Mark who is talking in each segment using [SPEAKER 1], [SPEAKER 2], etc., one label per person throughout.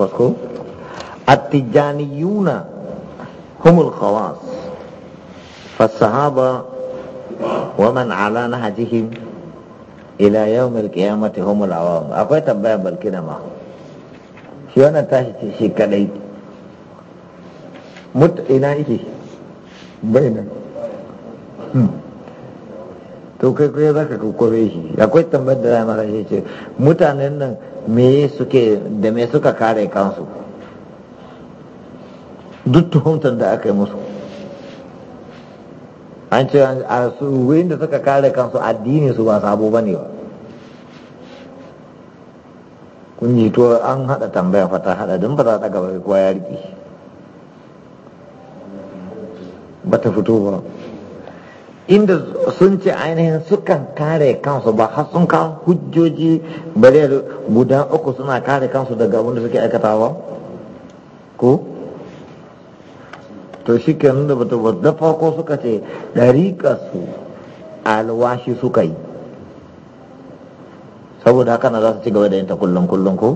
[SPEAKER 1] 18 التجانيون هم الخواص فالصحابة ومن على نهجهم إلى يوم القيامة هم العوام أقوى تبايا بالكنما شوانا تاشي شكالي مت إنائه بينا to kai kai za ka kokore shi akwai tambayar mutanen me suke da me suka kare kansu duk tuhumtar da aka yi musu an ce a su da suka kare kansu addini su ba sabo ba ne ba kun yi to an haɗa tambaya fata haɗa don ba za ta gaba kowa ya riƙe ba ta fito ba inda sun ce ainihin sukan kare kansu ba har sun kawo hujjoji bare guda uku suna kare kansu daga wanda da suke aikatawa ko to shi nuna ba ta da farko suka ce ɗariƙa su alwashi suka yi saboda haka na za su ci gaba da yin kullum kullum ko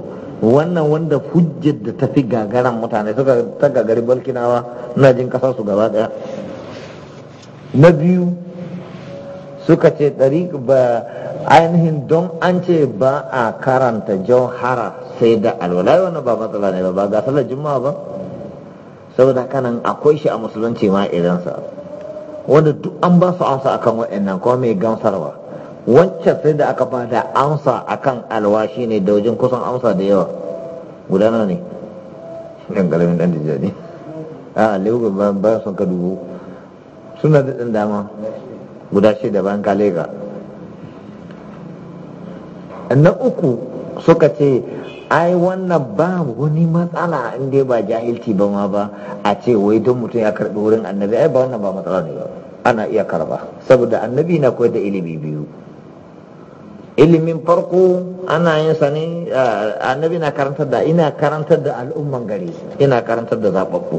[SPEAKER 1] wannan wanda hujjar da ta fi gagaran mutane suka ta gagari balkinawa na jin ƙasarsu gaba daya na biyu suka ce ɗari ba ainihin don an ce ba a karanta jauhara sai da alwala wannan ba matsala ne ba ba ga salar juma'a ba saboda kanan akwai shi a musulunci ma irinsa wanda duk an ba su ansa akan waɗannan kuma mai gamsarwa wancan sai da aka bada amsa akan alwashi ne da wajen kusan amsa da yawa gudana ne ɗan ƙaramin ɗan dijiyar ne a lagos ba son ka dubu suna da ɗan dama guda shida bayan kalega na uku suka ce ai wannan ba wani matsala in dai ba jahilci ba ma ba a ce wai don mutum ya karɓi wurin annabi ai ba wannan ba matsala ne ba ana iya karba saboda annabi na koyar da ilimi biyu ilimin farko ana yin sa annabi na karantar da ina karantar da al'umman gari ina karantar da zaɓaɓɓu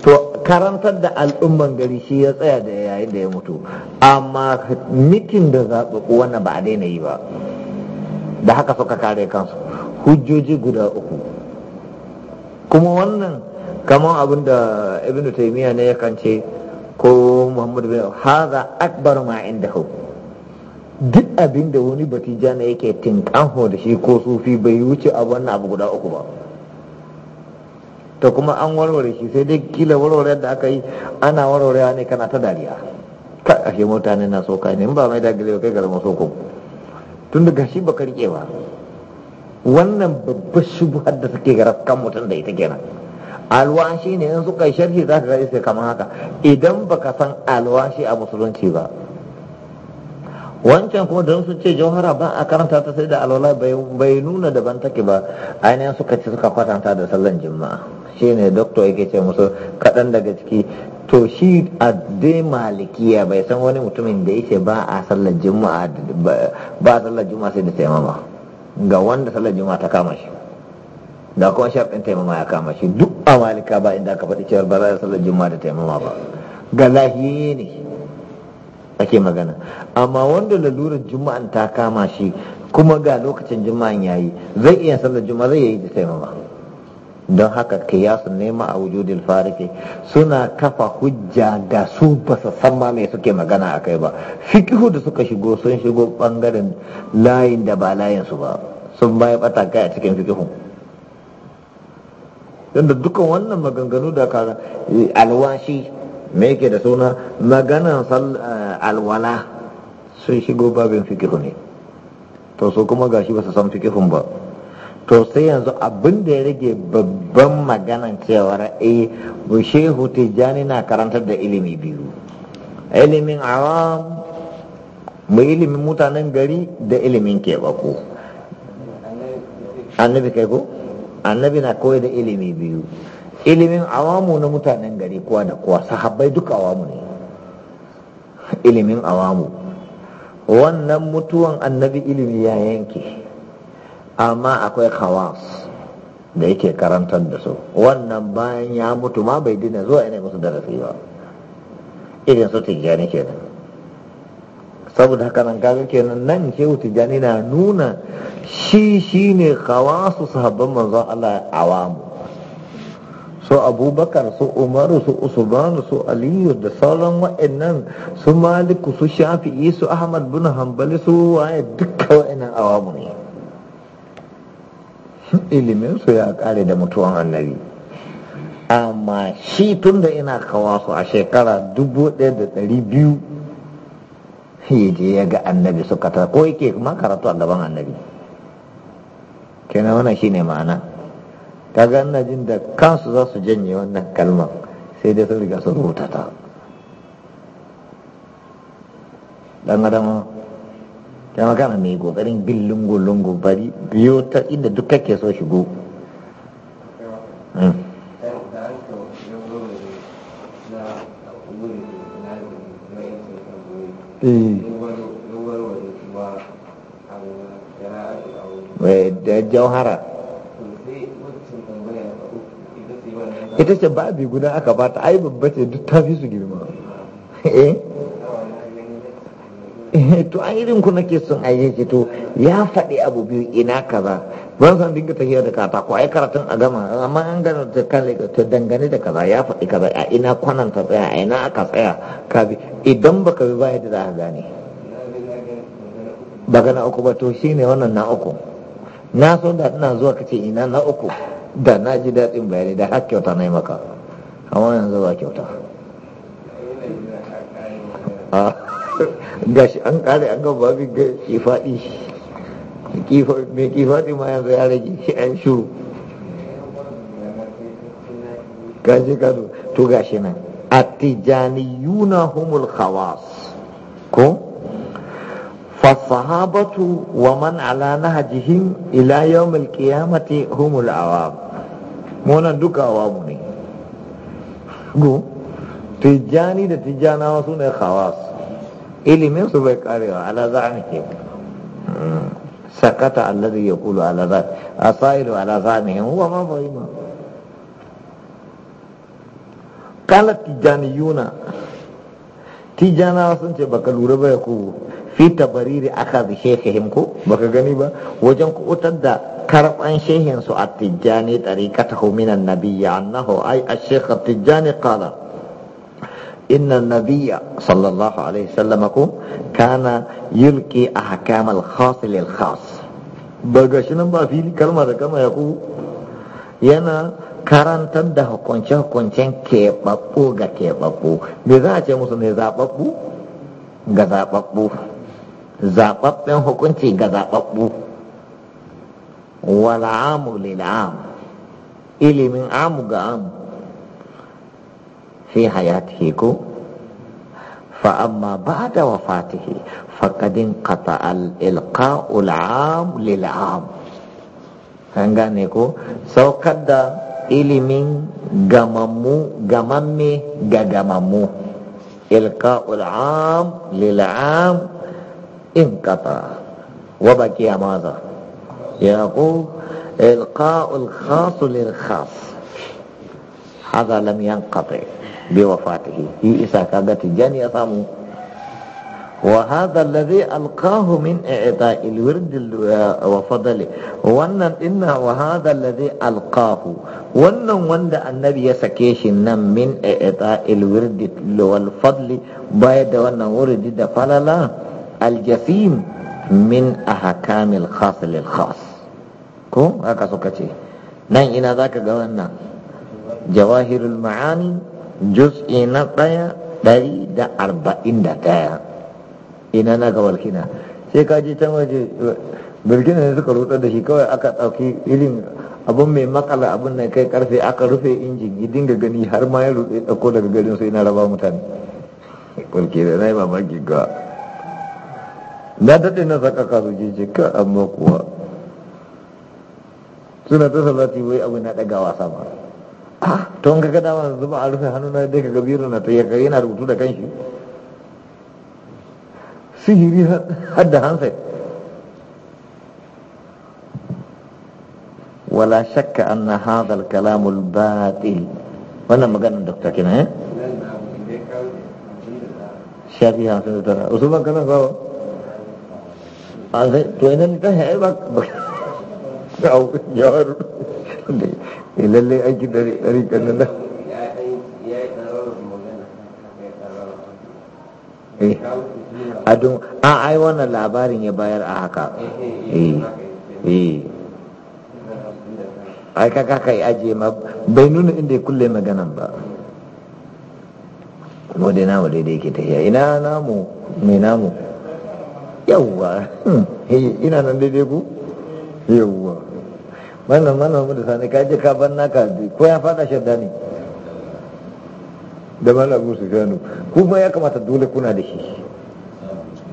[SPEAKER 1] to karantar da al'umman gari shi ya tsaya da yayin da ya mutu amma mitin da zaɓaɓɓu wannan ba a daina yi ba da haka suka kare kansu hujjoji guda uku kuma wannan kamar abin da ibn taimiyya ne yakan ce ko muhammadu bin haza akbar ma inda duk abin da wani batijana yake tinkan da shi ko sufi bai wuce a wannan abu guda uku ba to kuma an warware shi sai dai kila warware da aka yi ana warwarewa ne kana ta dariya ka ake mutane na soka ne in ba mai dagile ba kai ga zama soko tun da shi ba karke ba wannan babbar shubuhar da take ga rafkan mutum da ita kenan alwashi ne in suka sharhi za ka ga sai kamar haka idan baka san alwashi a musulunci ba wancan kuma don sun ce jauhara ba a karanta ta sai da alwala bai nuna daban take ba ainihin suka ci suka kwatanta da sallan jima'a ne doctor yake ce musu kaɗan daga ciki to shi a dai malikiya bai san wani mutumin da yake ba a sallar juma'a ba a sallar juma'a sai da taimama ga wanda sallar juma'a ta kama shi da kuma shafin taimama ya kama shi duk a malika ba inda aka faɗi cewar ba za a sallar juma'a da taimama ba ga lahiyi ne ake magana amma wanda lalurar juma'an ta kama shi kuma ga lokacin juma'an yayi zai iya sallar juma'a zai yi da taimama don haka kiyasun nema a wujudin fariki suna kafa hujja ga su ba su san ma mai suke magana a kai ba fikihu da suka shigo sun shigo bangaren layin da ba layin su ba sun bayan bata kai a cikin fikihu yadda duka dukkan wannan maganganu da kaza alwashi me yake da suna maganan eh, alwala sun shigo babin fikihu ne to su kuma gashi ba su san fikihun ba to sai yanzu abin da ya rage babban maganan cewar eh shehu tijjani na karantar da ilimi biyu ilimin awam mu ilimin mutanen gari da ilimin kebako annabi kai ko annabi na koyar da ilimi biyu ilimin awamu na mutanen gari kuwa da kuwa sahabbai duka awamu ne ilimin awamu wannan mutuwan annabi ilimi ya yanke amma akwai khawas da yake karantar da su wannan bayan ya mutu ma bai dina zuwa yanayi musu darasi ba irin su tijjani kenan saboda haka nan gaga kenan nan shehu tijjani na nuna shi shine khawasu sahabban manzon Allah awamu su abubakar su umaru su usmanu su aliyu da sauran wa'annan su maliku su shafi'i su ahmad bin hanbali su waye dukkan wa'annan awamu ne iliminsu ya kare da mutuwan annabi amma shi tun da ina kawa su a shekara dubu ɗaya da ɗari biyu ya je ya ga annabi suka ta ko yake kuma karatu a gaban annabi kenan wannan shine ma'ana kaga ina da kansu za su janye wannan kalmar sai dai sun riga sun rubuta ta dan adam ta magana mai kokarin bin lungu-lungu bari biyo ta inda duk kake so shigo hmm. eh. Eh, da jauhara ita ce ba biyu guda aka bata ai babba ce duk ta fi su girma eh Eh, to an irin ku nake son a yi to ya faɗi abu biyu ina kaza ban san dinga tafiya da katako ai karatun a gama amma an gana da kale ta dangane da kaza ya faɗi kaza a ina kwanan ta tsaya a ina aka tsaya ka bi idan baka bi ba yadda za ka gane baka na uku ba to shi ne wannan na uku na so da ina zuwa ka ce ina na uku da na ji daɗin bayani da har kyauta na yi maka amma yanzu ba kyauta ah. gashi an kare an gaba babin da shi faɗi mai kifaɗi ma yanzu ya rage shi an shuru gashi gado to gashi nan attijaniyuna humul khawas ko فالصحابة ومن على نهجهم إلى يوم القيامة هم العوام مونا دوك عوامني تجاني دا تجانا وسونا خواص ilimin su bai karewa ala za za'ami ke hmm. sakata alladhi yaqulu ala za za'ami asailu ala za za'ami huwa ma fahima kala Yuna, tijana sun ce baka lura ba ya yakubu fi tabariri aka bi shekihim ko baka gani ba wajen kubutar da karban shehin su a tijjani tariqatahu minan nabiyyi annahu ay ash-shaykh at-tijjani qala Inna Nabiya sallallahu alaihi wasallam aku kana yulki ahkam al khas lil khas. Bagasinan ba fili kalma da kama yaku yana karantar da hukunce-hukuncen keɓaɓɓu ga keɓaɓɓu. Me za a ce musu ne zaɓaɓɓu ga zaɓaɓɓu. Zaɓaɓɓen hukunci ga zaɓaɓɓu. Wala amu lil amu. Ilimin amu ga amu. في حياته فأما بعد وفاته فقد انقطع الإلقاء العام للعام فهنگاني يقول سو قد إلي من غممو غممي غغممو إلقاء العام للعام انقطع وبكي ماذا يقول إلقاء الخاص للخاص هذا لم ينقطع bi wafatihi yi isa kaga tijani ya samu wa hadha alladhi alqahu min i'ta'il wird wa fadli wannan inna wa hadha alladhi alqahu wannan wanda annabi ya sake shi nan min i'ta'il wird wal fadli baya da wannan wurdi da falala aljasim min ahkamil khas lil khas ko haka suka ce nan ina zaka ga wannan jawahirul ma'ani juz ina ɗaya ɗari da arba'in da ɗaya ina na ga walkina sai ka ji ta waje birgina ne suka rutsar da shi kawai aka ɗauki irin abun mai makala abun nan kai karfe aka rufe injin ya dinga gani har ma ya da ɗauko daga garin sai na raba mutane kulki da na yi mamaki ga na daɗe na saka kasu jeje amma kuwa suna ta salati wai abu na wasa ba. don ka gada wani zuba a rufe hannu na dai ka gabiru na ta yakari yana rubutu da kanshi sihiri har da hansa wala shakka anna hadha al-kalam al-batil wannan maganar dokta kina eh shafi hamsin da tara usul ban kana ba an sai to ina ni ta hayar ba ba ya eh lalle aiki dare rikar nan da eh, a don a ai wannan labarin ya bayar a haka eh eh ai kaka kai aje ma bai nuna inda ya kulle maganan ba kuma dai namu daidai yake tafiya ina namu mai namu yawwa hmm, ina nan daidai ku yawwa wannan malam da sani ka je ka ka naka ko ya fada shadda ne da malam abu sufyanu kuma ya kamata dole kuna da shi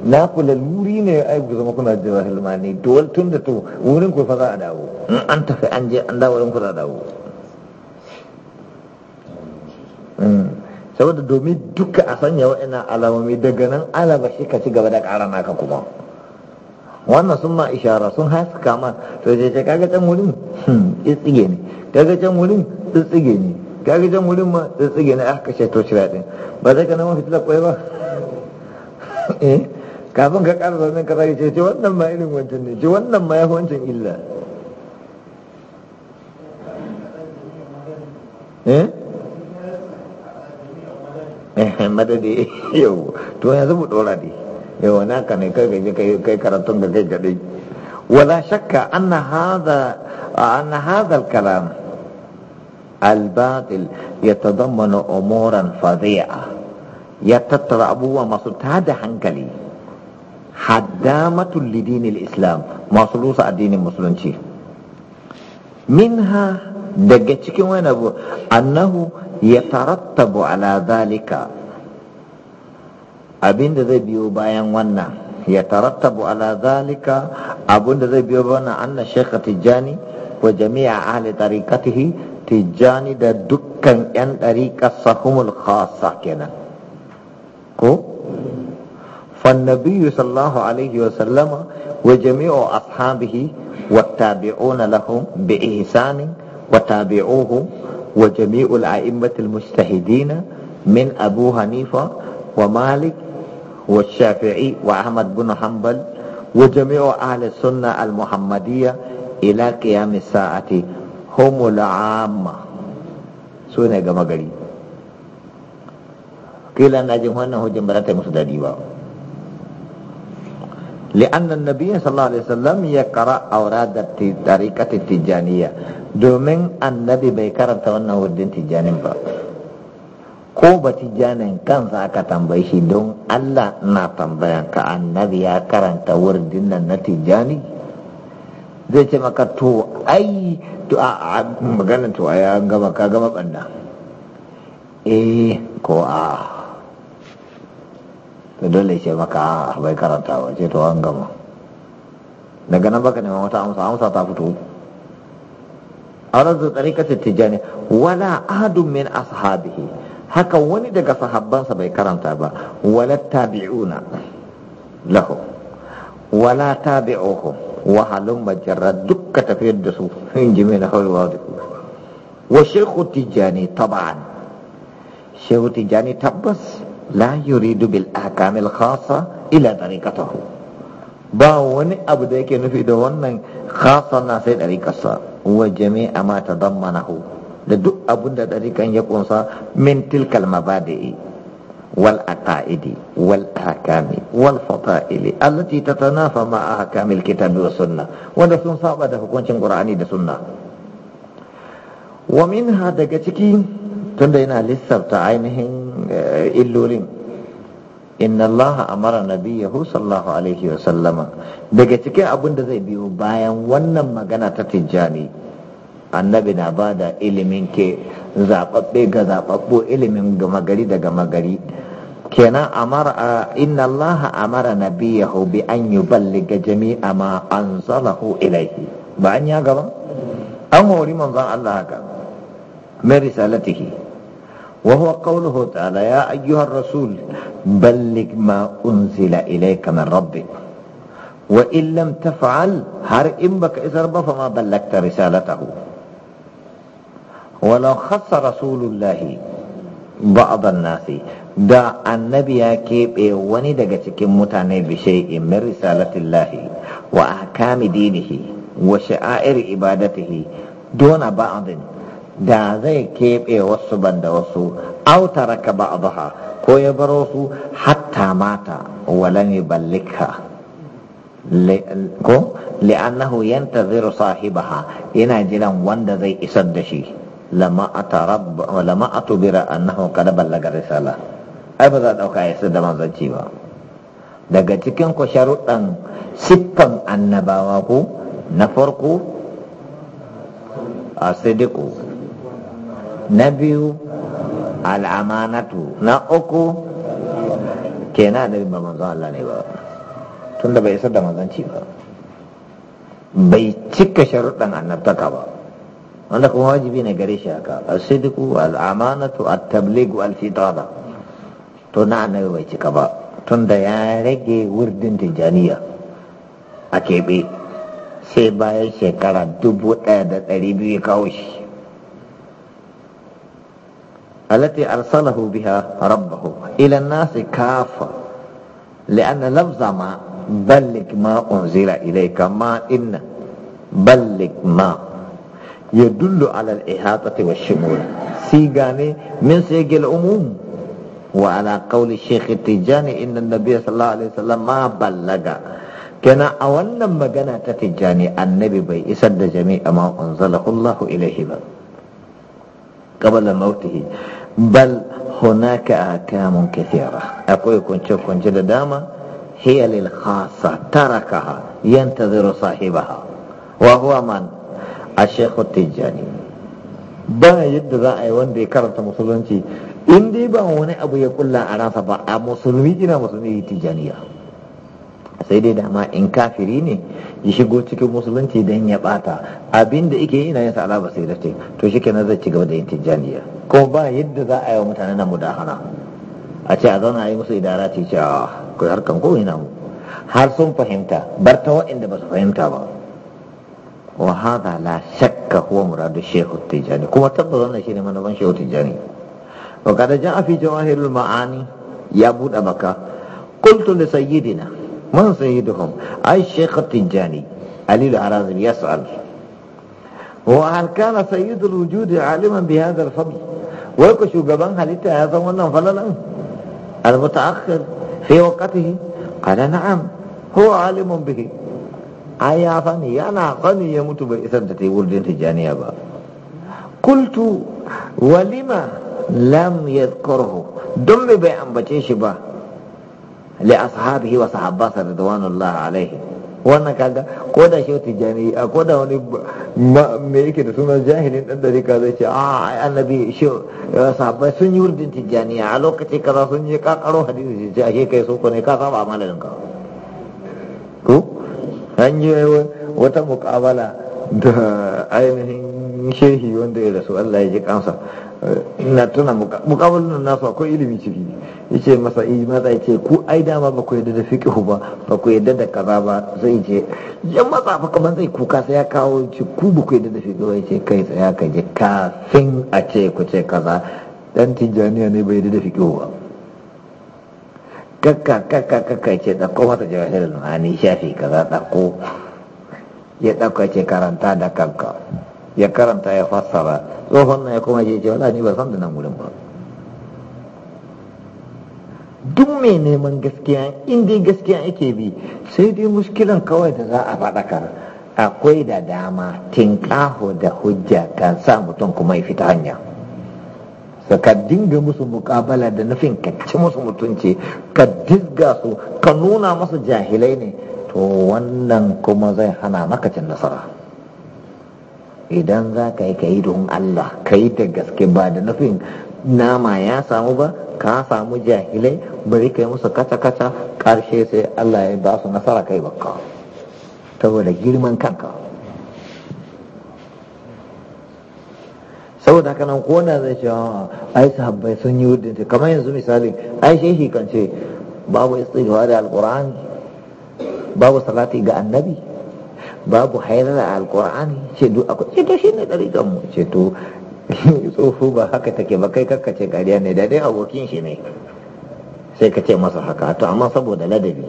[SPEAKER 1] na ku luri ne ai ku zama kuna da hilmani dole tun da to wurin ku fa za a dawo in an tafi an je an dawo wurin ku za a dawo hmm. saboda domin duka a sanya wa'ina alamomi daga nan alaba shi ka ci gaba da ƙara naka kuma wannan sun ma ishara sun haska ma to je ce kaga can wurin hmm, tsitsige ne kaga can wurin tsitsige ne kaga can wurin ma tsitsige ne aka ah, ce to shira din ba zai ka naman fitilar kwai ba eh kafin ka ƙara zanen ka zai ce ce wannan ma irin wancan ne ce wannan ma ya wancan illa eh, eh madadi yau to yanzu mu dora dai yawa naka ne kai kai kai karatun da kai kadai wala shakka anna hadha anna al-kalam al-batil yatadammanu umuran fazi'a ya tattara abubuwa masu tada hankali haddamatul lidinil islam masu rusa addinin musulunci minha daga cikin wani abu annahu ya tarattabu ala zalika abin da zai biyo bayan wannan ya tarattabu ala zalika abin da zai biyo bayan anna shekha tijjani wa jami'a ahli tariqatihi tijjani da dukkan yan tariqar sahumul khassa kenan ko فالنبي صلى الله عليه وسلم وجميع أصحابه والتابعون لهم بإحسان وتابعوه وجميع الأئمة المجتهدين من أبو حنيفة ومالك والشافعي وأحمد بن حنبل وجميع أهل السنة المحمدية إلى قيام الساعة هم العامة سنة كما قريب قيل أن أجل هنا جمرات مسدادي لأن النبي صلى الله عليه وسلم يقرأ أوراد الطريقة التجانية دومين النبي بيكرم تونه الدين تجاني بقى. ko ba tijjanin kansa aka tambaye shi don Allah na tambayan ka annabi ya karanta wurdin nan na tijjani zai ce maka to ai to a maganin to a ya gama ka gama banda eh ko a to dole ce maka a bai karanta ba ce to an gama daga nan baka neman wata amsa amsa ta fito A أراد طريقة التجاني wala ahadun min ashabihi haka wani daga sahabbansa bai karanta ba wala tabi'una lahu wala tabi'uhu wa halum majarra dukka tafiyar da su in ji mai na hawa wa shekhu tijjani taban shekhu tijjani tabbas la yuridu bil akamil khasa ila tariqatahu ba wani abu da yake nufi da wannan khasa na sai tariqarsa wa jami'a ma tadammanahu da duk abun da ɗarikan ya ƙunsa min tilkal mabadi'i wal aqaidi wal ahkami wal fata'ili allati tatanafa ma ahkamil kitabi wa sunna wanda sun saba da hukuncin qur'ani da sunna wa minha daga ciki tunda yana lissafta ainihin eh, illolin inna Allah amara nabiyahu sallallahu alaihi wa sallama daga cikin abin da zai biyo bayan wannan magana ta tijjani annabi na bada ilimin ke zaɓaɓɓe ga zaɓaɓɓo ilimin gama gari da gama gari kenan amara a inna Allah amara nabi bi an yi balli ga jami amma an zalahu ilaihi ba an ya gaba an hori manzan Allah haka mai risalatihi wa huwa qawluhu ta'ala ya ayyuhar rasul balli ma unzila ilaika min rabbik wa in lam taf'al har in baka isar ba fa ma ballagta risalatahu walau khassa rasulullahi ba'dan nasi da annabi ya keɓe wani daga cikin mutane bishai min risalatillahi wa ahkami dinihi wa sha'air ibadatihi dona ba'din da zai keɓe wasu banda wasu au taraka ba'daha ko ya baro su hatta mata walan yuballika ko li'annahu yantaziru sahibaha yana jiran wanda zai isar da shi lama atarab lama atubira annahu qad ballaga risala ai ba za dauka ya da manzanci ba daga cikin ku sharuɗan siffan annabawa ku na farko asidiku na biyu al'amanatu na uku kenan da ba manzon Allah ne ba tunda bai isar da manzanci ba bai cika sharuɗan annabtaka ba wanda kuma wajibi ne gare shi haka al amanatu a tabligu al-fitana to na annabi bai cika ba tunda ya rage wurdin tijaniya a keɓe sai bayan shekara dubu ɗaya da ɗari biyu kawo shi التي أرسله بها ربه إلى الناس كافة لأن لفظ ما بلغ ما أنزل إليك ما إن بلغ ما يدل على الإحاطة والشمول سيغاني من سيغ العموم وعلى قول الشيخ التجاني إن النبي صلى الله عليه وسلم ما بلغ كان أولا ما كان تتجاني النبي بي إسد جميع ما أنزله الله إليه بل قبل موته بل هناك أحكام كثيرة أقول كنت كنت داما هي للخاصة تركها ينتظر صاحبها وهو من a shekhu tijjani ba yadda za a yi wanda ya karanta musulunci in dai ba wani abu ya kulla a rasa ba a musulmi ina musulmi tijjaniya sai dai dama in kafiri ne ya shigo cikin musulunci don ya bata abin da ike ina yin sa'ala ba sai da to shi kenan zai ci gaba da yin tijjaniya kuma ba yadda za a yi wa mutane na mudahana a ce a zauna a yi musu idara ce ce a ku harkan ko ina mu har sun fahimta bar ta waɗanda ba su fahimta ba وهذا لا شك هو مراد الشيخ التجاني كما تبظن شيء من من شيخ التجاني وقد جاء في جواهر المعاني يا بود أبكا قلت لسيدنا من سيدهم أي الشيخ التجاني علي العرازم يسأل وهل كان سيد الوجود عالما بهذا الفضل ويكشو شو قبان هل هذا ولا فللا المتأخر في وقته قال نعم هو عالم به ai ya sani yana sani ya mutu bai isar da ta yi wurdin tijjaniya ba kultu walima lam yadhkurhu don mai bai ambace shi ba li ashabihi wa sahabbasa radwanullahi alaihi wannan kaga ko da shi tijjani a ko da wani me yake da sunan jahilin dan dare ka zai ce a annabi shi sahabbai sun yi wurdin tijjani a lokaci kaza sun yi kakaro hadisi ce ashe kai so ko ne ka saba amalin ka ko an yi wata mukabala da ainihin shehi wanda ya rasu Allah ya ji kansa ina tuna mukabalin nasu akwai ilimi ciki yace masa yi eh, maza yace ku ai dama ba ku yadda da fiqhu ba ba ku yadda da kaza ba zai je yan matsa fa kaman zai kuka sai ya kawo ci ku ba ku yadda da fiqhu ba yace kai tsaya ka je kafin a ce ku ce kaza dan tijaniya ne bai yadda da fiqhu ba kakka kakka kakka ce ɗauko mata jawahir ma'ani shafi kaza ko ya ɗauka ce karanta da kanka ya karanta ya fassara tsohon na ya kuma ce ce wala ni ba san da nan wurin ba duk mai neman gaskiya in dai gaskiya yake bi sai dai muskilan kawai da za a faɗakar akwai da dama tinƙaho da hujja kan sa mutum kuma ya fita hanya. ka dinga musu mukabala da nufin ka ci musu mutunci ka dizga su ka nuna masu jahilai ne to wannan kuma zai hana maka cin nasara idan za ka yi ka yi don Allah ka yi da gaske ba da nufin nama ya samu ba ka samu jahilai bari ka yi musu kaca-kaca ƙarshe sai Allah ya ba su nasara kai bakka saboda girman kanka saboda haka nan ko na zai a ah, ai sahabbai sun yi ta kamar yanzu misali ai shehi kan ce babu istighfar da alqur'ani babu salati ga annabi babu haira alqur'ani ce duk akwai ce to shine mu ce to tsofu ba haka take ba kai kakkace gariya ne da dai abokin shi ne sai ka ce masa haka to amma saboda ladabi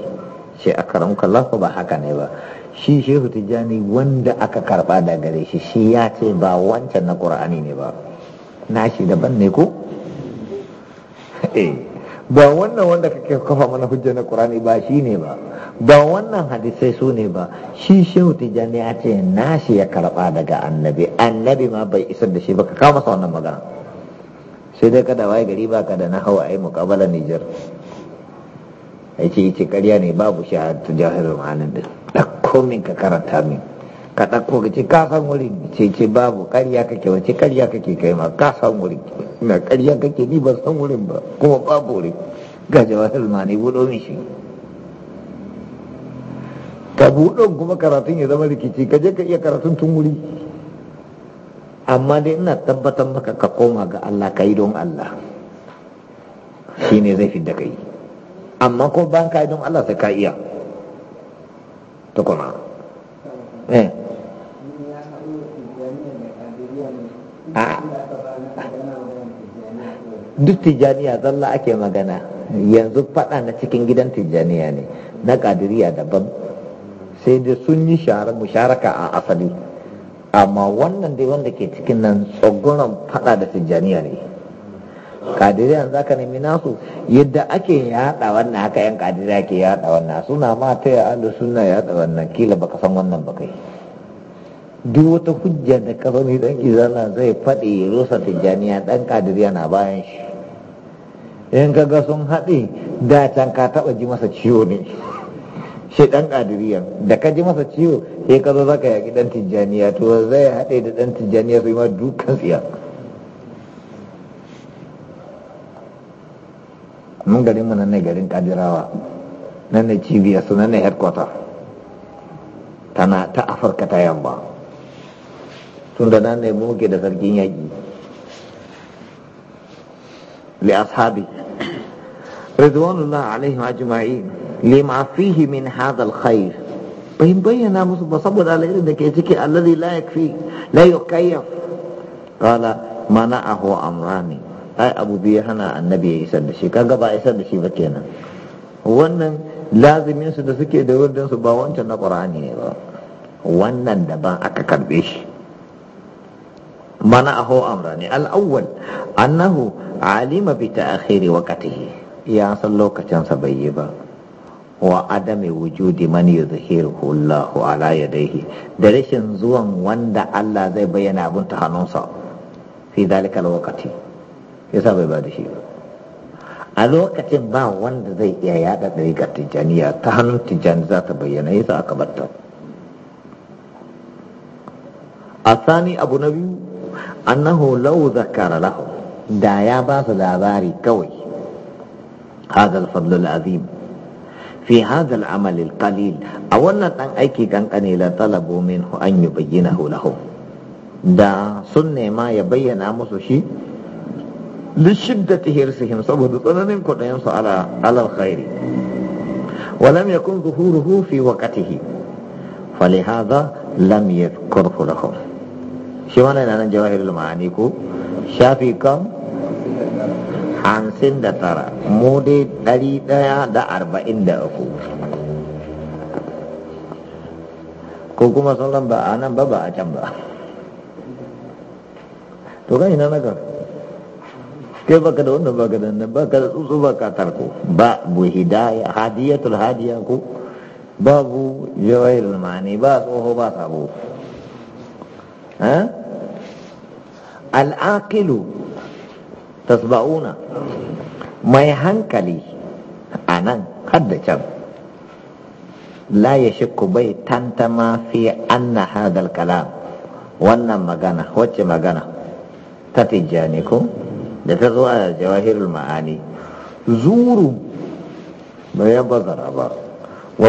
[SPEAKER 1] ce a karamka lafa ba haka ne ba shi shehu tijjani wanda aka karba da gare shi shi ya ce ba wancan na ƙura'ani ne ba na shi daban ne ko? Eh, ba wannan wanda kake kafa mana hujja na ƙura'ani ba shi ne ba ba wannan hadisai su ne ba shi shehu tijjani ya ce na shi ya karba daga annabi annabi ma bai isar da shi ba ka kama sa wannan magana sai dai kada wai gari ba ka da na hawa ai mukabalar Nijar. ya ce yace karya ne babu shi a jahilul ma'anin Ɗakko min ka karanta min ka ɗakko ka ce kasan san wurin ce ce babu karya kake wace karya kake kai ma ka san wurin na karya kake ni ban san wurin ba kuma babu wurin ga jawahirul ma'ani buɗo min shi ka buɗo kuma karatun ya zama rikici ka je ka iya karatun tun wuri amma dai ina tabbatar maka ka koma ga Allah ka yi don Allah shi ne zai fi da kai amma ko ban ka don Allah sai ka iya kuma eh duk tijaniya zalla ake magana yanzu fada na cikin gidan tijaniya ne na kadiriya daban sai dai sun yi musharaka a asali amma wannan dai wanda ke cikin nan tsogoron fada da tijaniya ne kadiriya za ka nemi nasu yadda ake yada wannan haka yan kadiriya ke yada wannan suna ma ta ya alu suna yada wannan kila baka san wannan ba kai duk wata hujja da ka sani dan izana zai faɗi rusa tijjaniya dan kadiriya na bayan shi yan kaga sun haɗe da can ka taɓa ji masa ciwo ne shi ɗan ƙadiriya da ka ji masa ciwo sai ka zo za ka yaƙi ɗan tijjaniya to zai haɗe da ɗan tijjaniya su yi ma dukkan tsiya mun garin mu nan ne garin kadirawa nan ne cibiyar su nan ne headquarter tana ta afirka ta yamma tun da nan ne muke da zargin yaki li ashabi ridwanullah alaihim li lima fihi min hadha alkhair bayin bayyana musu ba saboda alkhairin da ke ciki alladhi la yakfi la yukayyaf qala mana'ahu amrani ai abu biyu hana annabi ya isar da shi kaga ba isar da shi ba kenan wannan lazimin su da suke da wurdin su ba wancan na qur'ani ne ba wannan daban aka karbe shi mana aho amrani al-awwal annahu alima bi ta'khiri waqtihi ya san lokacin sa bai yi ba wa adami wujudi man yuzhiruhu Allahu ala yadayhi da rashin zuwan wanda Allah zai bayyana abun ta hannunsa fi dalika lokaci Ya sa bai ba da shi ba a lokacin ba wanda zai iya yada ɗariƙar tijjaniya ta hannun tijjani za ta bayyana yasa aka batta a sani abu na biyu annahu lau zakara lahu da ya ba su labari kawai hadal fadlul azim fi hadal amalil qalil a wannan dan aiki kankane la talabu minhu an yubayyinahu lahum da sun nema ya bayyana musu shi lishiddati hirsihim saboda tsananin kwaɗayen su ala alal khairi ولم يكن ظهوره في وقته فلهذا لم يذكره لهم شوانا نانا جواهر المعاني كو شافي كم hamsin da tara mode ɗari ɗaya da arba'in da uku ko kuma sauran ba a nan ba ba a can ba to gani na nagar kai baka da wannan baka da wannan baka da tsutsu baka tarko ba bu hidaya hadiyatul hadiya ku? babu jawail ma'ani ba tsoho ba sabo ha eh? Al-aqilu. tasba'una mai hankali anan har can la shakku bai tantama fi anna hadal kalam wannan magana wacce magana ta tijjani ko da ta zo a jawahirul ma'ani zuru ba ya bazara ba wa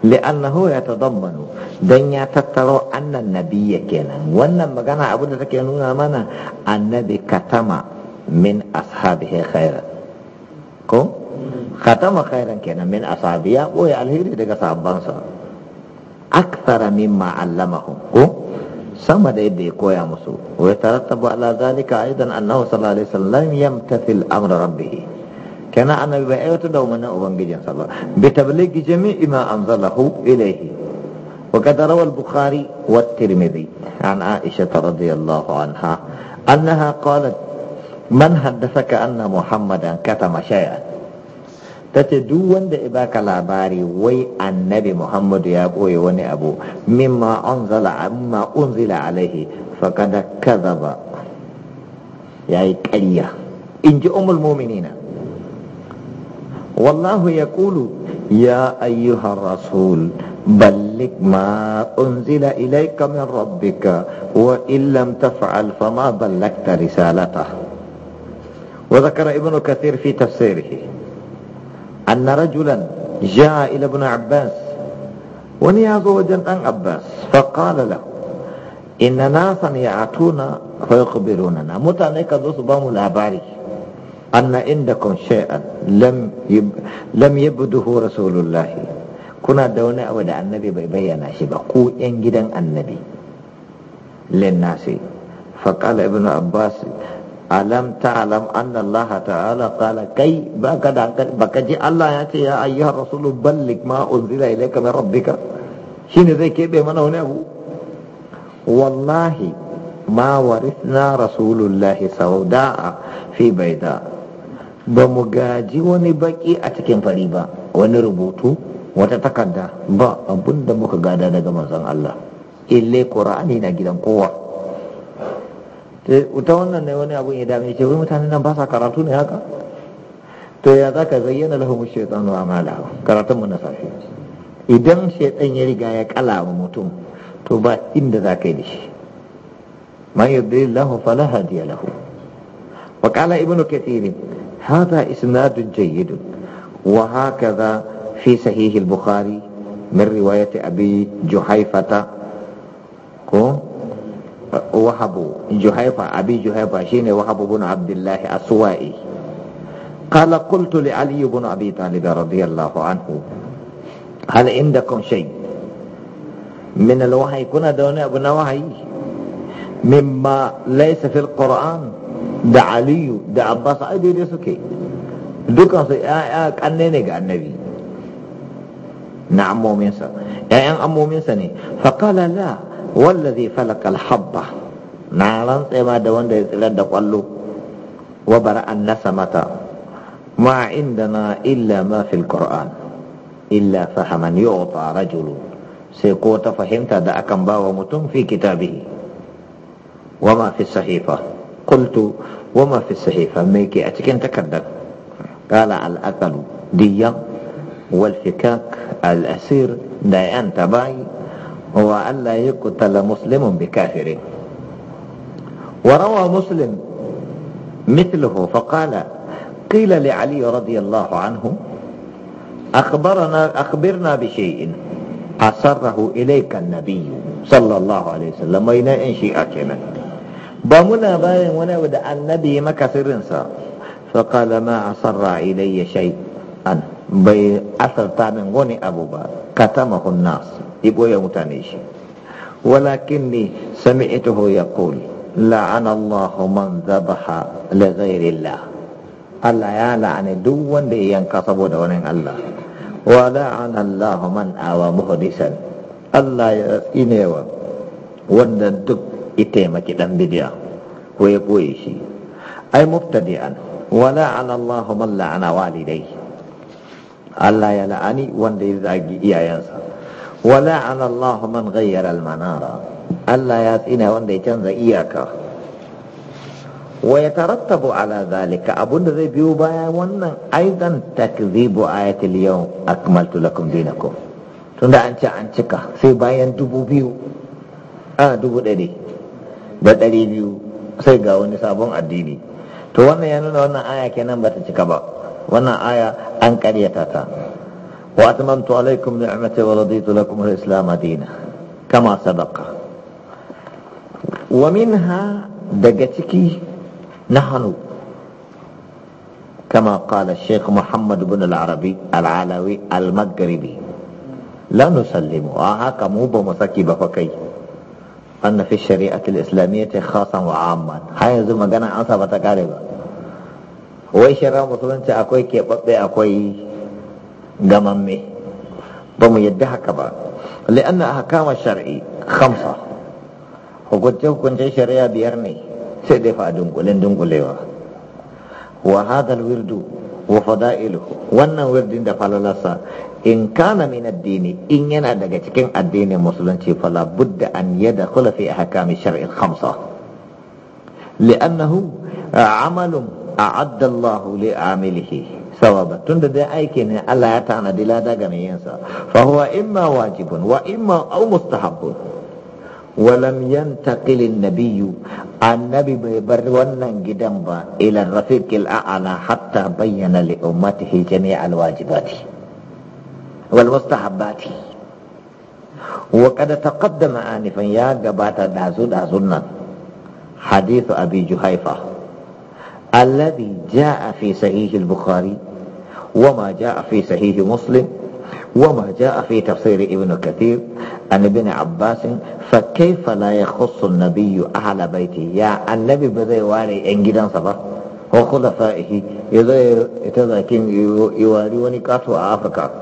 [SPEAKER 1] ya ta yatadammanu dan ya tattaro annan kenan wannan magana abin da take nuna mana annabi katama min ashabihi khairan ko katama khairan kenan min ashabiya ya ɓoye alheri daga aksara min ma'allama allamahum ko sama da yadda ya koya musu Wai ta tarattabu ala zalika aidan annahu sallallahu alaihi wasallam yamtathi al-amra rabbih kana annabi bai aiwata da umarnin ubangijin sa ba bi tablighi jami'i ma anzalahu ilayhi wa qad rawa al-bukhari wa at-tirmidhi an aisha radhiyallahu anha annaha qalat man haddathaka anna muhammadan katama shay'an ta ce duk wanda ya baka labari wai annabi muhammadu ya ɓoye wani abu mimma unzila amma unzila alaihi faqad kadhaba yayi ƙarya in ji umul mu'minina wallahu yaqulu ya ayyuhar rasul balligh ma unzila ilayka min rabbika wa in lam taf'al fama ballagta risalatahu وذكر ابن كثير في تفسيره أن رجلا جاء إلى ابن عباس ونياز وجن أن عباس فقال له إن ناسا يعطونا فيخبروننا متعنيك ذو بام الأباري أن عندكم شيئا لم يب... لم يبده رسول الله كنا دون أود النبي بيبين شبه قو إن جدا النبي للناس فقال ابن عباس alam ta'lam anna Allah ta'ala qala kai baka da baka ji Allah ya ce ya ayyuhar rasul ballig ma unzila ilayka min rabbika shine zai kebe mana wani abu wallahi ma warithna rasulullahi sawda'a fi baida ba mu gaji wani baki a cikin fari ba wani rubutu wata takarda ba abinda muka gada daga manzon Allah illai qur'ani na gidan kowa eh ta wannan ne wani abun ya dame ce wai mutane nan ba sa karatu ne haka to ya zaka zayyana lahum shaytan wa amala karatun mu na safe. idan shaytan ya riga ya kala wa mutum to ba inda zaka yi da shi man lahu fala hadiya lahu wa qala ibnu kathir hadha isnadun jayyid wa hakadha fi sahih al-bukhari min riwayat abi juhaifata ko wahabu juhaifa abi juhaifa shine wahabu bin abdullahi aswa'i قال قلت لعلي بن أبي طالب رضي الله عنه هل عندكم شيء من الوحي كنا دون ابن وحي مما ليس في القرآن da aliyu da abbas ai daidai suke dukansu ya kanne ne ga annabi na ammominsa ya'yan ammominsa ne faƙala la والذي فلك الحبة نعلن سيما دوان دي سلاد له وبرع النسمة ما عندنا إلا ما في القرآن إلا فهما يعطى رجل سيقوة فهمت دا أكم ومتم في كتابه وما في الصحيفة قلت وما في الصحيفة ميكي أتكين تكدك قال على الأقل ديا والفكاك الأسير دا أنت باي أن لا يقتل مسلم بكافر وروى مسلم مثله فقال قيل لعلي رضي الله عنه أخبرنا أخبرنا بشيء أسره إليك النبي صلى الله عليه وسلم وإن إن شيء أكمل بمنا باين ونود النبي مكسرنسا فقال ما أسر إلي شيء أنه bai asarta min wani abu ba katamahun nas ya mutane shi walakin ni sami'tuhu yaqul la'ana Allah man zabaha, li ghairillah Allah ya la'ani duk wanda ya yanka saboda wani Allah wa la'ana Allah man awa muhdisan Allah ya tsinewa wanda duk ita taimaki dan bidiya ko ya koyi shi ai mubtadi'an wa la'ana Allah man la'ana walidai Allah ya la'ani wanda ya zagi iyayensa wala ala Allah man ghayyara al-manara Allah ya tsina wanda ya canza iyaka wa yatarattabu ala zalika abunda zai biyo baya wannan aidan takdhibu ayatil yawm akmaltu lakum dinakum tunda an ce an cika sai bayan dubu biyu a dubu ɗari da ɗari biyu sai ga wani sabon addini to wannan ya nuna wannan aya kenan bata cika ba wannan aya an karyata ta wa atmamtu alaikum ni'mati wa raditu lakum al-islam dinan kama sabaqa wa minha daga ciki nahnu kama qala Sheikh Muhammad ibn al-Arabi al-Alawi al-Maghribi la nusallimu haka mu ba mu saki ba fa kai أن في wa الإسلامية خاصا وعاما هاي زي ba ta أنسى ba wai shara musulunci akwai keɓaɓɓe akwai gamamme ba mu yadda haka ba li'anna hakama shari'i khamsa hukunce hukunce shari'a biyar ne sai dai fa dunkulen dunkulewa wa hadal wirdu wa fada'iluhu wannan wirdin da falalasa in kana min addini in yana daga cikin addinin musulunci fala budda an kula fi ahkami shar'i khamsa li'annahu amalun a addallahu li amilihi sawaba tunda dai aiki ne Allah ya tana dila da game yinsa fa huwa imma wajibun wa imma aw mustahabbun wa lam yantaqil annabi bai bar wannan gidan ba ila rafiq al-a'la hatta bayyana li ummatihi jami' al-wajibati wal mustahabbati wa qad taqaddama anifan ya gabata dazu dazun nan hadith abi juhaifah alladhi jaa fi sahih al-bukhari wa ma fi sahih muslim wa ma jaa fi tafsir ibn kathir an ibn abbas fa kayfa la yakhussu an-nabiy ahla ya annabi ba zai ware yan gidansa ba ko khulafa'ihi yadda ita zakin iwari wani kato a afirka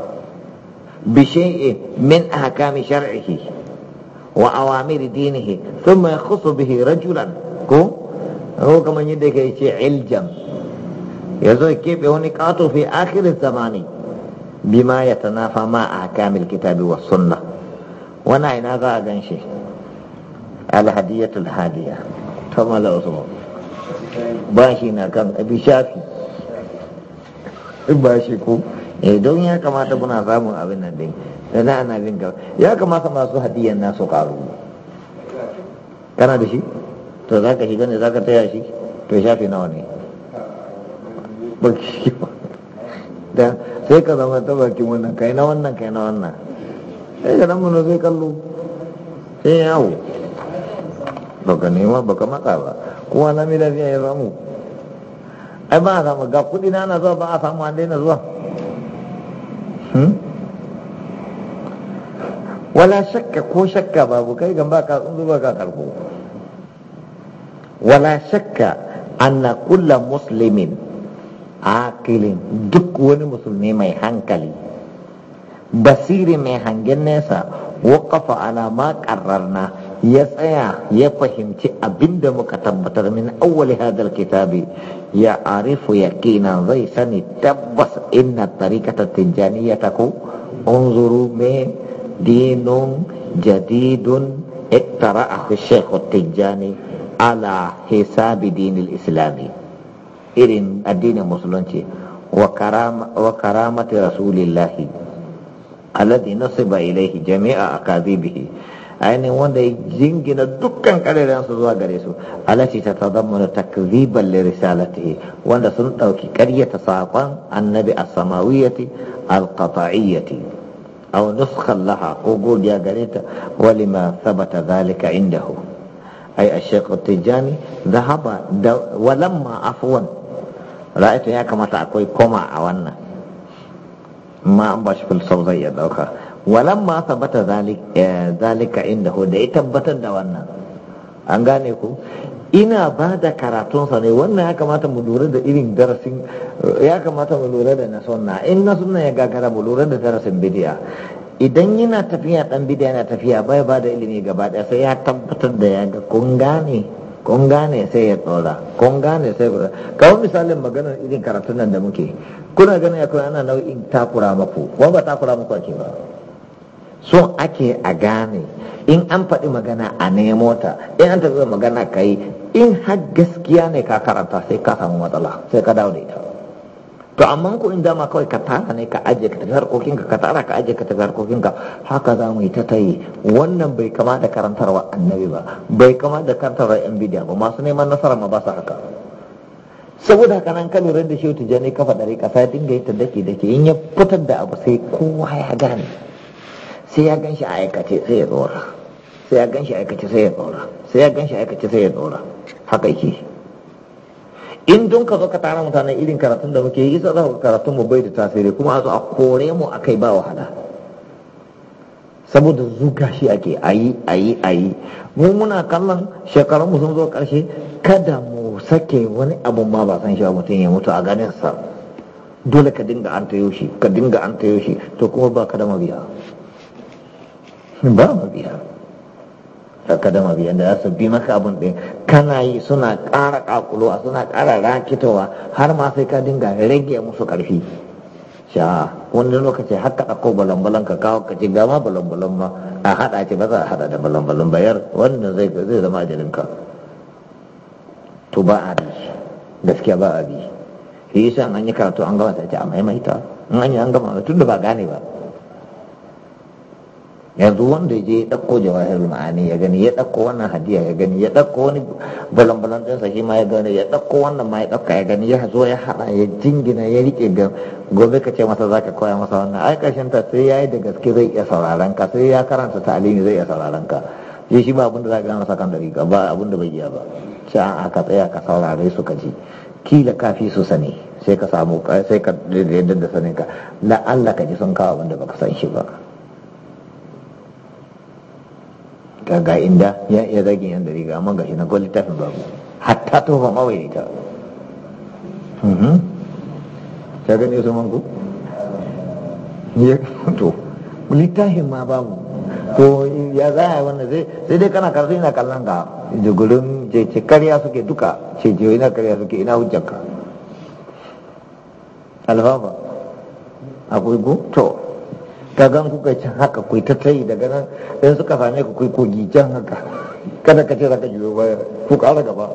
[SPEAKER 1] bishai min ahkami shar'ihi wa awamir dinihi thumma yakhussu bihi rajulan ko kamar yadda kai ce iljam ya zo keɓe wani ƙato fi akirin zamani bima ya tana fama a kamil kitabi wa sunna wana ina za a gan shi alhadiyatul hadiya ta mala usman ba shi na eh, kan abi shafi ba shi ko don ya kamata muna samun abin nan din da na ana bin ya kamata masu hadiyan nasu karu kana da shi to za ka shiga ne za ka taya shi to shafi nawa ne da sai ka zama ta baki wannan kai na wannan kai na wannan sai ka nan mana sai kallo sai yawo ka nema baka matsa ba kuma na mai lafiya ya samu ai ba a samu ga kudi na na zuwa ba a samu an daina zuwa hmm? wala shakka ko shakka babu kai gan ba ka tsundu ba ka karbo wala shakka anna kulla muslimin aqilin duk wani musulmi mai hankali basiri mai hangen nesa waƙafa alama ƙarrarna ya tsaya ya fahimci abinda muka tabbatar min awwali hadal kitabi ya arifu yaqina zai sani tabbas inna tariqata tinjaniyata ku unzuru me dinun jadidun iktara'ahu shaykhu tinjani ala hisabi dinil islami irin addinin musulunci wa karamati rasulillahi alladhi nasiba ilaihi jami'a a akadibihi ainihin wanda ya jingina dukkan su zuwa gare su alati ta tazammuna takziban li risalatihi wanda sun dauki ƙaryata saƙon annabi a samawiyyati al a wani laha ko godiya gare ta walima sabata zalika indahu ai Shekaru ay asyiqu tijani dhahaba wa lamma afwan ra'aytu ya kamata akwai koma a wannan ma an ba shi fulsau zai ya dauka wa lamma thabata eh, zalika inda ko da ya tabbatar da wannan an gane ku ina ba da karatunsa ne wannan ya kamata mu lura da irin darasin ya kamata mu lura da na sunna in na ya gagara mu lura da darasin bidiya idan yana tafiya dan bida yana tafiya bai ba da ilimi gaba daya sai ya tabbatar da ya ga kun gane kun gane sai ya tsora kun gane sai ya kawo misalin maganar irin karatun nan da muke kuna ganin akwai ana nau'in takura maku wani ba takura maku ake ba so ake a gane in an faɗi magana a nemo ta in an tafi magana ka in har gaskiya ne ka karanta sai ka samu matsala sai ka dawo da ita to amma ko in ma kawai ka tara ne ka aje ka tagar harkokin ka tara ka aje ka tagar harkokin ka haka za mu yi ta tayi wannan bai kama da karantarwa annabi ba bai kama da karantarwa yan bidiya ba masu neman nasara ma ba su haka saboda haka nan ka lura da shi jani kafa ɗari ƙasa ya dinga yi ta dake dake in ya fitar da abu sai kowa ya gane sai ya gan shi a aikace sai ya tsora sai ya gan shi a aikace sai ya tsora sai ya gan shi a aikace sai ya tsora haka yake in don ka zo ka tara mutane irin karatun da muke yi isa za ka karatun mu bai da tasiri kuma a zo a kore mu a kai ba wahala saboda zuga shi ake ayi ayi ayi mu muna kallon shekarun mu sun zo karshe kada mu sake wani abun ma ba san shi mutum ya mutu a ganin sa dole ka dinga an tayo shi ka dinga an tayo shi to kuma ba ka da mabiya ba mabiya kadama biyan da za su bi maka abin ɗin kana yi suna ƙara ƙaƙulowa suna ƙara rakitowa har ma sai ka dinga rage musu ƙarfi sha wani lokaci har ka ɗauko balambalan ka kawo ka ci gama balambalan ma a haɗa ce ba za a haɗa da balambalan bayar wannan zai zai zama ajalin ka to ba a bi gaskiya ba a bi yi san an yi karatu an gama ta ce a maimaita in an yi an gama tun da ba gane ba yanzu wanda ya je ya ɗauko jawahirul ma'ani ya gani ya ɗauko wannan hadiya ya gani ya ɗauko wani balan-balan ɗinsa shi ma ya gani ya ɗauko wannan ma ya ɗauka ya gani ya zo ya haɗa ya jingina ya riƙe ga gobe ka ce masa za ka koya masa wannan ai ƙarshen ta sai ya yi da gaske zai iya sauraron ka sai ya karanta ta'alimi zai iya sauraron ka shi shi ba abin da za ka masa kan dariƙa ba abin da bai iya ba sai an aka tsaya ka saurare su ka ji kila kafi su sani sai ka samu sai ka daidai da sanin ka la'alla ka ji sun kawo abin da baka san shi ba ga inda ya iya zagi yan dariga amma gashi na gwal littafin babu hatta tofa mawaita ta mhm. gani su manku ya to littafin ma babu ko ya za a zai sai dai kana karatu ina kallon ka jigurin jeje karya suke duka jeje jiyo ina karya suke ina hujjanka alfafa akwai go to kagan kuka can haka kai ta tsayi daga nan in suka same ku kai kogi can haka kada ka ce za ka juyo baya ku kara gaba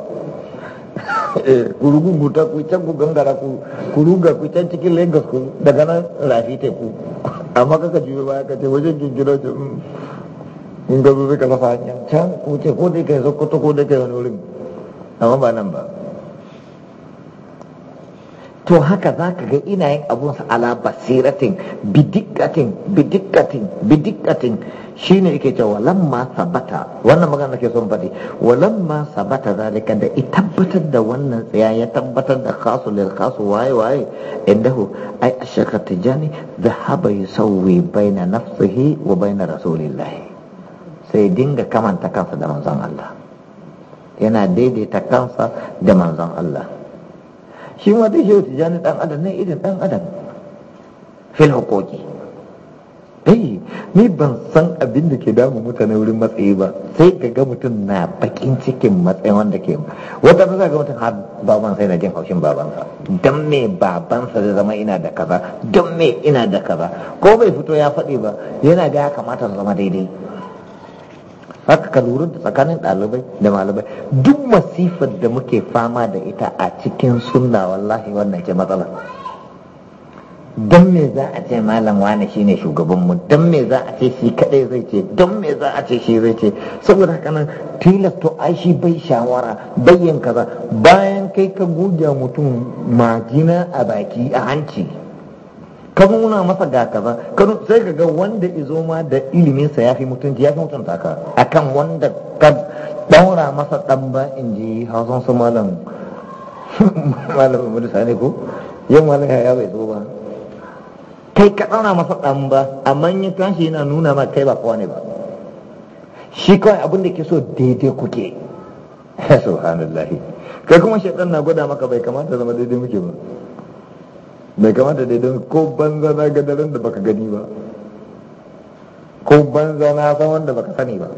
[SPEAKER 1] eh, ku rugunguta ku can ku gangara ku ruga ku can cikin lagos ku daga nan rafi teku amma kaka juyo baya ka ce wajen jinjira ce mm, in ga zai ka lafa hanya can ku ce ko dai yi sokoto ko dai yi wani wurin amma ba nan ba to haka za ka ga ina yin abunsa ala basiratin bidikkatin bidikkatin bidikkatin shi ne yake cewa lamma sabata wannan magana ke son faɗi walamma sabata zalika da itabbatar da wannan tsaya ya tabbatar da kasu lil kasu waye waye indahu ai ashaka tijani dhahaba yusawwi baina nafsihi wa baina rasulillahi sai dinga kamanta kansa da manzon Allah yana daidaita kansa da manzon Allah shi ma dai shi tijani dan adam nan irin dan adam fil hukuki dai eh, ni ban san abin da ke damu mutane wurin matsayi ba sai ka ga mutum na bakin cikin matsayin wanda ke wata ta ga mutum har baban sai na jin haushin babansa don me babansa zai zama ina da kaza don me ina da kaza ko bai fito ya faɗi ba yana ga ya kamata zama daidai haka ka lura da tsakanin ɗalibai da malamai duk masifar da muke fama da ita a cikin sunna wallahi wannan ce matsala don me za a ce malam wane ne shugabanmu don me za a ce shi kadai zai ce don me za a ce shi zai ce saboda haka nan tilasto ai shi bai shawara bayyan kaza bayan kai ka goge mutum majina a baki a hanci ka nuna masa ga kaza sai ka ga wanda izo ma da iliminsa ya fi mutunci ya fi mutunta ka akan wanda ka daura masa dan ba in ji hausan su malam malam abu sani ko yau malam ya bai zo ba kai ka daura masa dan ba amma ya tashi yana nuna ma kai ba kowa ne ba shi kawai abin da ke so daidai kuke subhanallah kai kuma shaitan na gwada maka bai kamata zama daidai muke ba bai kamata dai don ko banza na ga daren da baka gani ba ko banza na san wanda baka sani ba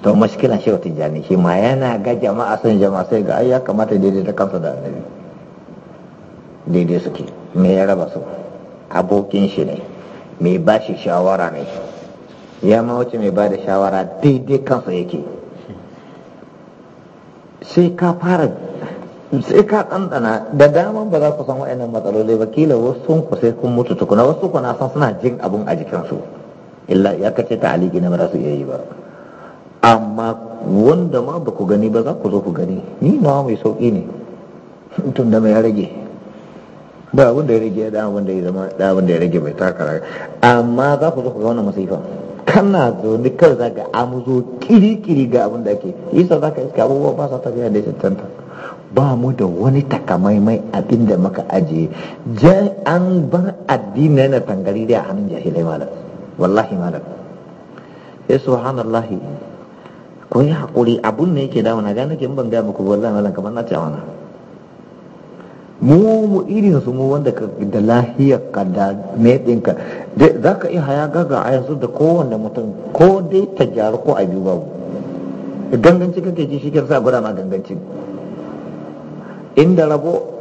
[SPEAKER 1] to mashkila shi wata jani shi ma yana ga jama'a sun jama'a sai ga ai ya kamata daidai ta kansa da annabi daidai suke me ya raba su abokin shi ne mai ba shi shawara ne ya ma wuce mai ba da shawara daidai kansa yake sai ka fara sai ka ɗanɗana da daman ba za ku san wa'annan matsaloli ba kila wasu ku sai kun mutu tukuna wasu ku na san suna jin abun a jikinsu illa ya kace ta aliki na ba su iya yi ba amma wanda ma ba ku gani ba za ku zo ku gani ni ma mai sauƙi ne tun da mai rage ba abin da ya rage da abin da ya zama da abin da ya rage mai takara amma za ku zo ku ga wannan masifa kana zo ni kar za ga amuzo kiri-kiri ga abin da ake yi sa za ka iska abubuwa ba sa tafiya da ya cancanta ba mu da wani takamaimai abin da muka ajiye an bar addini na tangari da hannun jahilai malam wallahi malam ya eh, subhanallah ko yi haƙuri abun ne yake damuna gane ke ban gaya muku wallahi malam kamar na ce mana mu mu irin su mu wanda ka da lahiyar ka da metsinka za ka iya haya gaga a yanzu da kowanne mutum ko dai ta jaru ko a biyu babu ganganci kake ji shi ke sa gwada ma gangancin inda rabo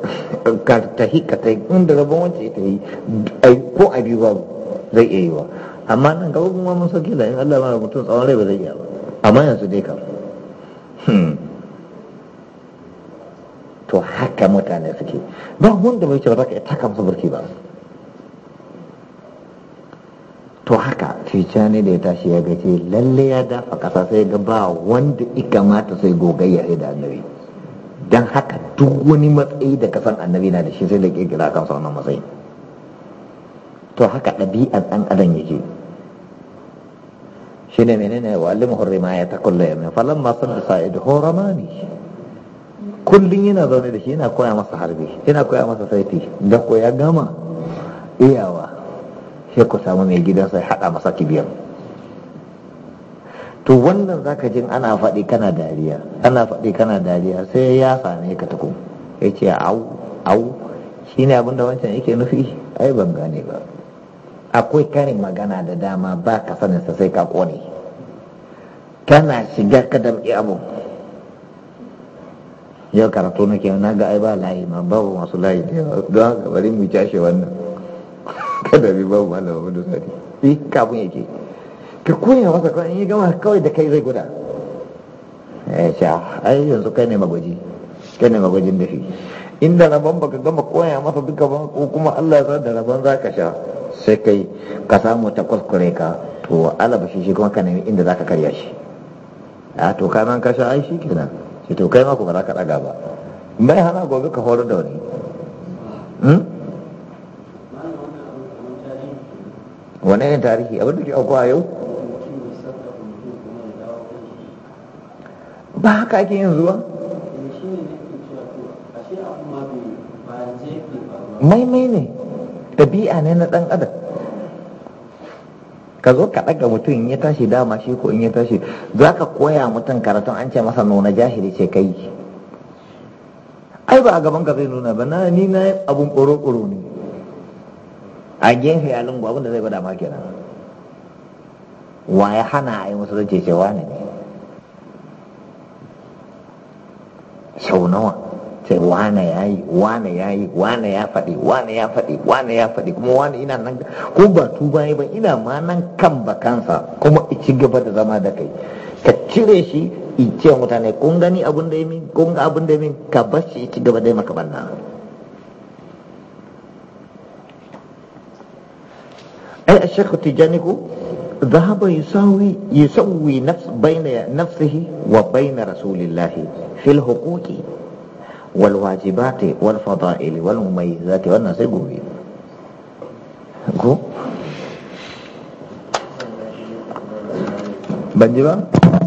[SPEAKER 1] ka ta hi, ka In inda rabo wance ta yi ko a biyu babu zai iya yi wa amma nan gaba kuma mun sauki da in Allah ma mutum tsawon rai ba zai iya ba amma yanzu dai kam hmm. to haka mutane suke ba wanda bai ce ba za ka musu burki ba to haka cuta ne da ya tashi ya gace lalle ya dafa ƙasa sai ga ba wanda ikamata sai gogayya da annabi don haka duk wani matsayi da kasan annabi na da shi sai da kirkira kan wannan matsayi to haka ɗabi'an ɗan adam yake shi ne menene wa alim hurrima ya ta kulle ya min falon masu da sa'id horama ne kullum yana zaune da shi yana koya masa harbi yana koya masa saiti da koya gama iyawa sai ku samu mai gidansa ya haɗa masa kibiyar to wannan zaka jin ana faɗi kana dariya ana faɗi kana dariya sai ya same ka tuku ya ce au au shi abin da wancan yake nufi ai ban gane ba akwai karin magana da dama ba ka sanin sa sai ka kone kana shiga ka damƙi abu yau karatu nake na ga ai ba layi ma babu masu layi da yawa don haka bari mu cashe wannan kada bi babu malam abu da sani kafin yake ka koya masa kawai in yi gama kawai da kai zai guda ya sha ai yanzu kai ne magwaji kai ne magwajin dafi inda rabon baka gama koya masa duka ban ko kuma Allah ya da rabon za ka sha sai kai ka samu ta kuskure ka to ba shi shi kuma ka nemi inda za ka karya shi a to ka nan ka sha ai shi kenan sai to kai ma ku ba za ka daga ba mai hana gobe ka horar da wani wane ne tarihi abin da ke aukuwa yau ba haka ake yin zuwa maimai ne ɗabi'a ne na ɗan adam ka zo ka ɗaga mutum in ya tashi dama shi ko in ya tashi za ka koya mutum karatun an ce masa nuna jahili ce kai ai ba a gaban ka zai nuna ba na ni na abun ƙoro-ƙoro ne a gefe ya lungu abinda zai gwada ma kenan wa ya hana a yi musulunci cewa ne sau nawa sai wane ya yi wane ya yi wane ya faɗi wane ya faɗi wane ya faɗi kuma wane ina nan ko ba tuba ba ina ma nan kan bakansa kuma ci gaba da zama da kai ka cire shi ce mutane kun gani abin da min kun ga abin da min ka bar shi ci gaba da maka banna ai a shekhu tijani ko ذهب يساوي يسوي نفس بين نفسه وبين رسول الله في الحقوق والواجبات والفضائل والمميزات والنصيب به بنجبا